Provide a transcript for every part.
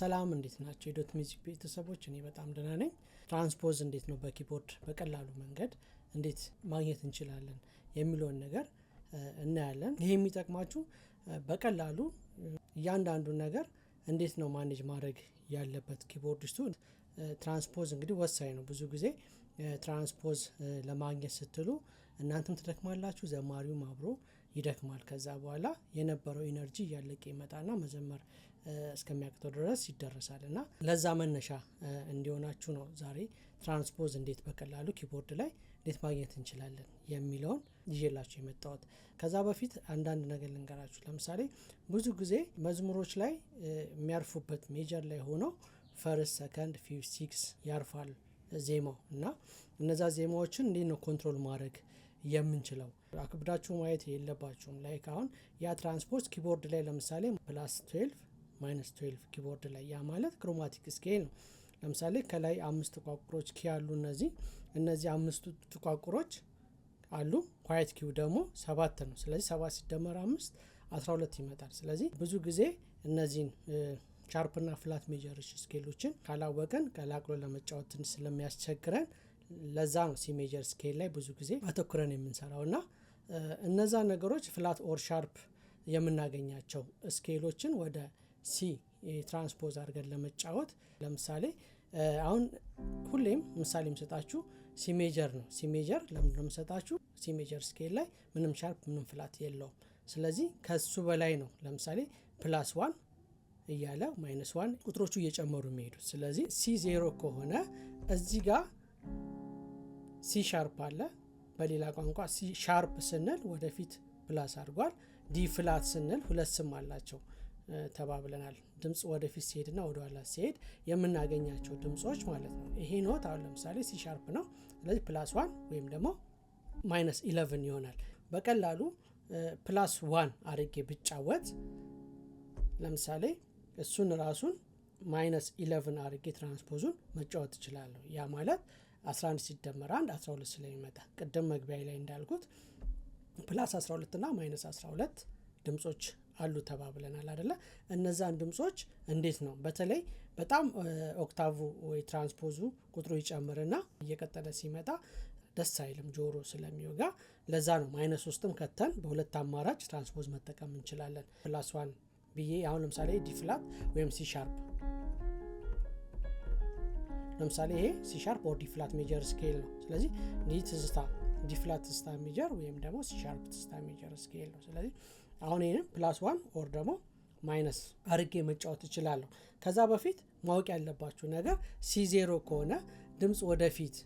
ሰላም እንዴት ናቸው? የዶት ሚዚክ ቤተሰቦች እኔ በጣም ደህና ነኝ። ትራንስፖዝ እንዴት ነው በኪቦርድ በቀላሉ መንገድ እንዴት ማግኘት እንችላለን የሚለውን ነገር እናያለን። ይህ የሚጠቅማችሁ በቀላሉ እያንዳንዱን ነገር እንዴት ነው ማኔጅ ማድረግ ያለበት ስቱ ትራንስፖዝ እንግዲህ ወሳኝ ነው። ብዙ ጊዜ ትራንስፖዝ ለማግኘት ስትሉ እናንተም ትደክማላችሁ፣ ዘማሪውም አብሮ ይደክማል። ከዛ በኋላ የነበረው ኢነርጂ እያለቀ ይመጣና መዘመር እስከሚያቅተው ድረስ ይደረሳል። እና ለዛ መነሻ እንዲሆናችሁ ነው ዛሬ ትራንስፖዝ እንዴት በቀላሉ ኪቦርድ ላይ እንዴት ማግኘት እንችላለን የሚለውን ይዤላችሁ የመጣሁት። ከዛ በፊት አንዳንድ ነገር ልንገራችሁ። ለምሳሌ ብዙ ጊዜ መዝሙሮች ላይ የሚያርፉበት ሜጀር ላይ ሆነው ፈርስት፣ ሰከንድ፣ ፊፍ፣ ሲክስ ያርፋል ዜማው እና እነዛ ዜማዎችን እንዴት ነው ኮንትሮል ማድረግ የምንችለው። አክብዳችሁ ማየት የለባችሁም። ላይክ አሁን ያ ትራንስፖርት ኪቦርድ ላይ ለምሳሌ ፕላስ ትዌልቭ ማይነስ ትዌልቭ ኪቦርድ ላይ ያ ማለት ክሮማቲክ ስኬል ነው። ለምሳሌ ከላይ አምስት ጥቋቁሮች ኪ ያሉ እነዚህ እነዚህ አምስቱ ጥቋቁሮች አሉ። ኳየት ኪው ደግሞ ሰባት ነው። ስለዚህ ሰባት ሲደመር አምስት አስራ ሁለት ይመጣል። ስለዚህ ብዙ ጊዜ እነዚህን ሻርፕና ፍላት ሜጀሮች ስኬሎችን ካላወቀን ቀላቅሎ ለመጫወት ስለሚያስቸግረን ለዛ ነው ሲሜጀር ስኬል ላይ ብዙ ጊዜ አተኩረን የምንሰራው እና እነዛ ነገሮች ፍላት ኦር ሻርፕ የምናገኛቸው ስኬሎችን ወደ ሲ ትራንስፖዝ አድርገን ለመጫወት ለምሳሌ አሁን ሁሌም ምሳሌ የምሰጣችሁ ሲሜጀር ነው። ሲሜጀር ሜጀር ሲሜጀር የምሰጣችሁ? ስኬል ላይ ምንም ሻርፕ ምንም ፍላት የለውም። ስለዚህ ከሱ በላይ ነው። ለምሳሌ ፕላስ ዋን እያለ ማይነስ ዋን ቁጥሮቹ እየጨመሩ የሚሄዱት። ስለዚህ ሲ ዜሮ ከሆነ እዚህ ጋር ሲ ሻርፕ አለ። በሌላ ቋንቋ ሲ ሻርፕ ስንል ወደፊት ፕላስ አድርጓል። ዲ ፍላት ስንል ሁለት ስም አላቸው ተባብለናል። ድምፅ ወደፊት ሲሄድና ወደኋላ ሲሄድ የምናገኛቸው ድምፆች ማለት ነው። ይሄ ኖት አሁን ለምሳሌ ሲ ሻርፕ ነው። ስለዚህ ፕላስ ዋን ወይም ደግሞ ማይነስ ኢለቭን ይሆናል። በቀላሉ ፕላስ ዋን አድርጌ ብጫወት ለምሳሌ እሱን ራሱን ማይነስ ኢለቭን አድርጌ ትራንስፖዙን መጫወት እችላለሁ። ያ ማለት 11 ሲደመር አንድ 12 ስለሚመጣ ቅድም መግቢያ ላይ እንዳልኩት ፕላስ 12 እና ማይነስ 12 ድምጾች አሉ ተባብለናል አደለ? እነዛን ድምጾች እንዴት ነው በተለይ በጣም ኦክታቭ ወይ ትራንስፖዙ ቁጥሩ ይጨምርና እየቀጠለ ሲመጣ ደስ አይልም ጆሮ ስለሚወጋ። ለዛ ነው ማይነስ ውስጥም ከተን በሁለት አማራጭ ትራንስፖዝ መጠቀም እንችላለን። ፕላስ ዋን ብዬ አሁን ለምሳሌ ዲፍላት ወይም ሲሻርፕ ለምሳሌ ይሄ ሲሻርፕ ኦር ዲፍላት ሜጀር ስኬል ነው። ስለዚህ ይህ ትዝታ ዲፍላት ትዝታ ሜጀር ወይም ደግሞ ሲሻርፕ ትዝታ ሜጀር ስኬል ነው። ስለዚህ አሁን ይህንም ፕላስ ዋን ኦር ደግሞ ማይነስ አርጌ መጫወት እችላለሁ። ከዛ በፊት ማወቅ ያለባችሁ ነገር ሲ ዜሮ ከሆነ ድምፅ ወደፊት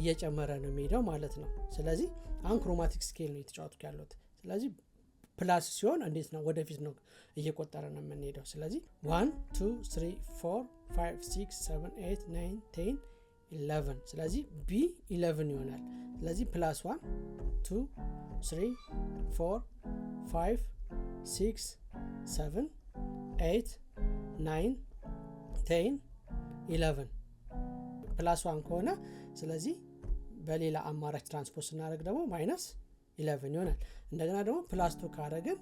እየጨመረ ነው የሚሄደው ማለት ነው። ስለዚህ አሁን ክሮማቲክ ስኬል ነው የተጫወትኩ ያሉት ስለዚህ ፕላስ ሲሆን እንዴት ነው ወደፊት ነው እየቆጠረ ነው የምንሄደው። ስለዚህ 11 ስለዚህ ቢ 11 ይሆናል። ስለዚህ ፕላስ 1 2 3 ፎር 5 6 7 8 ናይን ቴን 11 ፕላስ 1 ከሆነ ስለዚህ በሌላ አማራጭ ትራንስፖርት ስናደርግ ደግሞ ማይነስ ኢለቭን ይሆናል። እንደገና ደግሞ ፕላስቱ ካረግን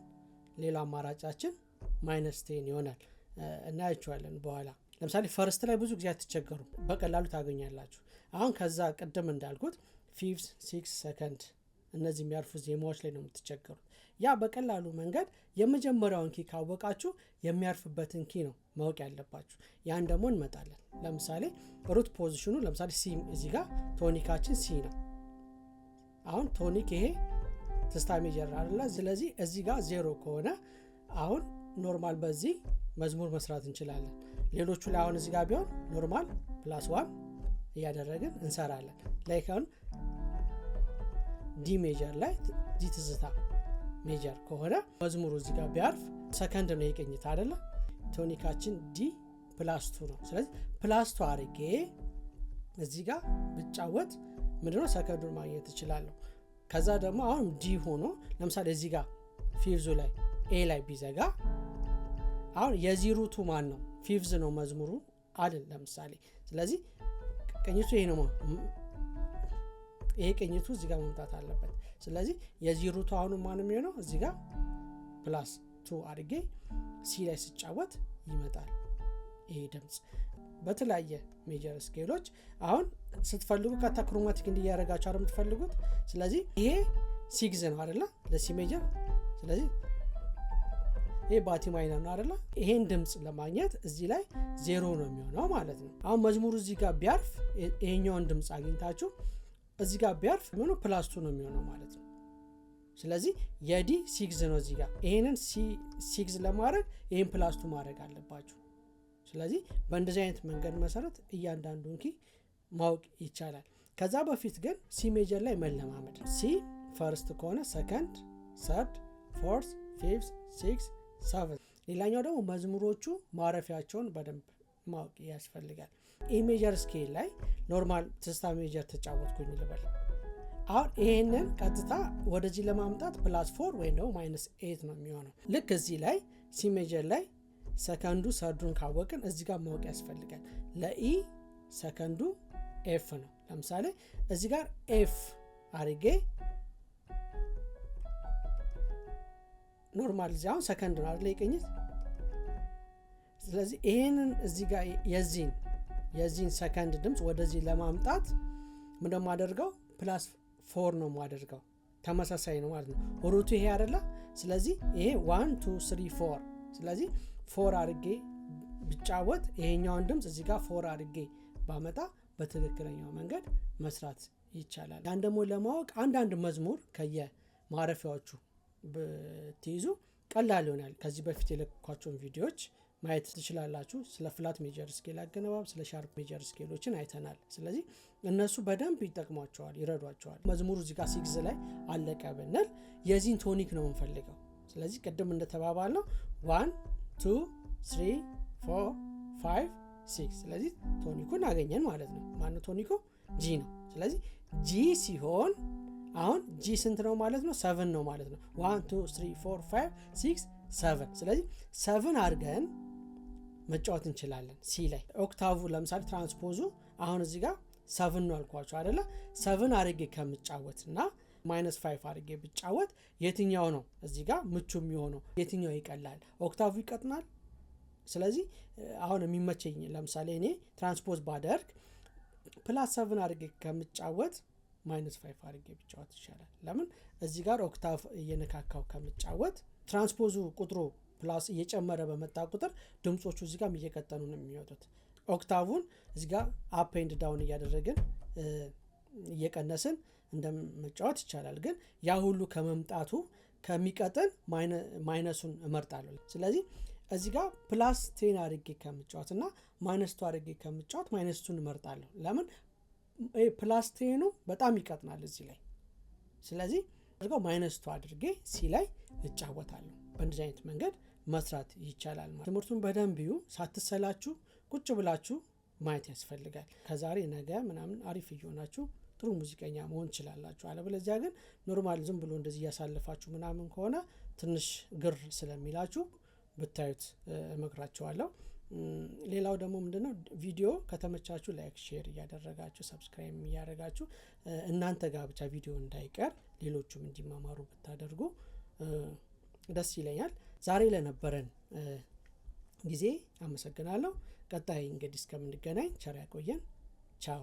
ሌላ አማራጫችን ማይነስ ቴን ይሆናል። እናያቸዋለን በኋላ ለምሳሌ ፈርስት ላይ ብዙ ጊዜ አትቸገሩ፣ በቀላሉ ታገኛላችሁ። አሁን ከዛ ቅድም እንዳልኩት ፊፍስ ሲክስ ሰከንድ እነዚህ የሚያርፉ ዜማዎች ላይ ነው የምትቸገሩት። ያ በቀላሉ መንገድ የመጀመሪያውን ኪ ካወቃችሁ የሚያርፍበትን ኪ ነው ማወቅ ያለባችሁ። ያን ደግሞ እንመጣለን። ለምሳሌ ሩት ፖዚሽኑ ለምሳሌ ሲ እዚህ ጋር ቶኒካችን ሲ ነው። አሁን ቶኒክ ይሄ ትስታሚ ጀራርላ። ስለዚህ እዚህ ጋር ዜሮ ከሆነ አሁን ኖርማል በዚህ መዝሙር መስራት እንችላለን። ሌሎቹ ላይ አሁን እዚህ ጋር ቢሆን ኖርማል ፕላስ ዋን እያደረግን እንሰራለን። ላይክ አሁን ዲ ሜጀር ላይ ዲ ትዝታ ሜጀር ከሆነ መዝሙሩ እዚህ ጋር ቢያርፍ ሰከንድ ነው የቅኝት አይደለ? ቶኒካችን ዲ ፕላስቱ ነው። ስለዚህ ፕላስቱ አርጌ እዚህ ጋር ብጫወት ምድነው ሰከንዱን ማግኘት እችላለሁ። ከዛ ደግሞ አሁን ዲ ሆኖ ለምሳሌ እዚህ ጋር ፊቭዙ ላይ ኤ ላይ ቢዘጋ አሁን የዚህ ሩቱ ማን ነው? ፊቭዝ ነው መዝሙሩ አይደል? ለምሳሌ ስለዚህ ቅኝቱ ይሄ ነው። ይሄ ቅኝቱ እዚህ ጋር መምጣት አለበት። ስለዚህ የዚህ ሩቱ አሁኑ ማን የሚሆነው እዚህ ጋር ፕላስ ቱ አድርጌ ሲ ላይ ስጫወት ይመጣል። ይሄ ድምፅ በተለያየ ሜጀር ስኬሎች አሁን ስትፈልጉ ካታክሮማቲክ እንዲያደረጋቸው አ የምትፈልጉት ስለዚህ ይሄ ሲግዝ ነው አደለ ለሲ ሜጀር ስለዚህ ይሄ ባቲ ማይነር ነው አደለ ይሄን ድምፅ ለማግኘት እዚህ ላይ ዜሮ ነው የሚሆነው ማለት ነው አሁን መዝሙሩ እዚህ ጋር ቢያርፍ ይሄኛውን ድምፅ አግኝታችሁ እዚህ ጋር ቢያርፍ የሚሆነ ፕላስቱ ነው የሚሆነው ማለት ነው ስለዚህ የዲ ሲግዝ ነው እዚህ ጋር ይሄንን ሲግዝ ለማድረግ ይህን ፕላስቱ ማድረግ አለባችሁ ስለዚህ በእንደዚህ አይነት መንገድ መሰረት እያንዳንዱን ኪ ማወቅ ይቻላል። ከዛ በፊት ግን ሲ ሜጀር ላይ መለማመድ ሲ ፈርስት ከሆነ ሰከንድ፣ ሰርድ፣ ፎርስ፣ ፊፍስ፣ ሲክስ፣ ሰቨን። ሌላኛው ደግሞ መዝሙሮቹ ማረፊያቸውን በደንብ ማወቅ ያስፈልጋል። ኢ ሜጀር ስኬል ላይ ኖርማል ትስታ ሜጀር ተጫወትኩኝ ልበል። አሁን ይሄንን ቀጥታ ወደዚህ ለማምጣት ፕላስ ፎር ወይም ደግሞ ማይነስ ኤት ነው የሚሆነው ልክ እዚህ ላይ ሲ ሜጀር ላይ ሰከንዱ ሰርዱን ካወቅን እዚ ጋር ማወቅ ያስፈልጋል። ለኢ ሰከንዱ ኤፍ ነው። ለምሳሌ እዚ ጋር ኤፍ አርጌ ኖርማል እዚ አሁን ሰከንድ ነው አለ የቅኝት። ስለዚህ ይህንን እዚ ጋር የዚህን የዚህን ሰከንድ ድምፅ ወደዚህ ለማምጣት ምንደ ማደርገው ፕላስ ፎር ነው ማደርገው ተመሳሳይ ነው ማለት ነው። ሩቱ ይሄ አደለ ስለዚህ ይሄ ዋን ቱ ስሪ ፎር ስለዚህ ፎር አድርጌ ብጫወት ይሄኛውን ድምፅ እዚህ ጋር ፎር አድርጌ ባመጣ በትክክለኛው መንገድ መስራት ይቻላል። ያን ደግሞ ለማወቅ አንዳንድ መዝሙር ከየ ማረፊያዎቹ ብትይዙ ቀላል ይሆናል። ከዚህ በፊት የለኳቸውን ቪዲዮዎች ማየት ትችላላችሁ። ስለ ፍላት ሜጀር ስኬል አገነባብ፣ ስለ ሻርፕ ሜጀር ስኬሎችን አይተናል። ስለዚህ እነሱ በደንብ ይጠቅሟቸዋል፣ ይረዷቸዋል። መዝሙሩ እዚጋ ጋር ሲግዝ ላይ አለቀ ብንል የዚህን ቶኒክ ነው የምንፈልገው። ስለዚህ ቅድም እንደተባባል ነው ዋን ቱ ስሪ ፎር ፋይቭ ሲክስ። ስለዚህ ቶኒኩን አገኘን ማለት ነው። ማነው ቶኒኩ? ጂ ነው። ስለዚህ ጂ ሲሆን አሁን ጂ ስንት ነው ማለት ነው? ሰቨን ነው ማለት ነው። ዋን ቱ ስሪ ፎር ፋይቭ ሲክስ ሰቨን። ስለዚህ ሰቨን አድርገን መጫወት እንችላለን። ሲ ላይ ኦክታቭ ለምሳሌ ትራንስፖዙ አሁን እዚህ ጋር ሰቨን ነው አልኳቸው አደለ? ሰቨን አድርጌ ከምጫወት እና ማይነስ ፋይፍ አድርጌ ብጫወት የትኛው ነው እዚህ ጋር ምቹ የሚሆነው የትኛው ይቀላል? ኦክታቭ ይቀጥናል። ስለዚህ አሁን የሚመቸኝ ለምሳሌ እኔ ትራንስፖዝ ባደርግ ፕላስ ሰቨን አድርጌ ከምጫወት ማይነስ ፋይፍ አድርጌ ብጫወት ይሻላል። ለምን እዚህ ጋር ኦክታቭ እየነካካው ከምጫወት ትራንስፖዙ ቁጥሩ ፕላስ እየጨመረ በመጣ ቁጥር ድምፆቹ እዚህ ጋም እየቀጠኑ ነው የሚወጡት። ኦክታቡን እዚህ ጋር አፕ ዳውን እያደረግን እየቀነስን እንደመጫወት ይቻላል። ግን ያ ሁሉ ከመምጣቱ ከሚቀጥል ማይነሱን እመርጣለሁ። ስለዚህ እዚህ ጋር ፕላስ ቴን አድርጌ ከምጫወት እና ማይነስ ቱ አድርጌ ከምጫወት ማይነስ ቱን እመርጣለሁ። ለምን ፕላስ ቴኑ በጣም ይቀጥናል እዚህ ላይ። ስለዚህ አድርገው ማይነስ ቱ አድርጌ ሲ ላይ እጫወታለሁ። በእንደዚህ አይነት መንገድ መስራት ይቻላል። ማለት ትምህርቱን በደንብ ዩ ሳትሰላችሁ ቁጭ ብላችሁ ማየት ያስፈልጋል። ከዛሬ ነገ ምናምን አሪፍ እየሆናችሁ ጥሩ ሙዚቀኛ መሆን ትችላላችሁ። አለበለዚያ ግን ኖርማል ዝም ብሎ እንደዚህ እያሳለፋችሁ ምናምን ከሆነ ትንሽ ግር ስለሚላችሁ ብታዩት እመክራችኋለሁ። ሌላው ደግሞ ምንድነው ቪዲዮ ከተመቻችሁ ላይክ፣ ሼር እያደረጋችሁ ሰብስክራይብ እያደረጋችሁ እናንተ ጋር ብቻ ቪዲዮ እንዳይቀር ሌሎቹም እንዲማማሩ ብታደርጉ ደስ ይለኛል። ዛሬ ለነበረን ጊዜ አመሰግናለሁ። ቀጣይ እንግዲህ እስከምንገናኝ ቸር ያቆየን። ቻው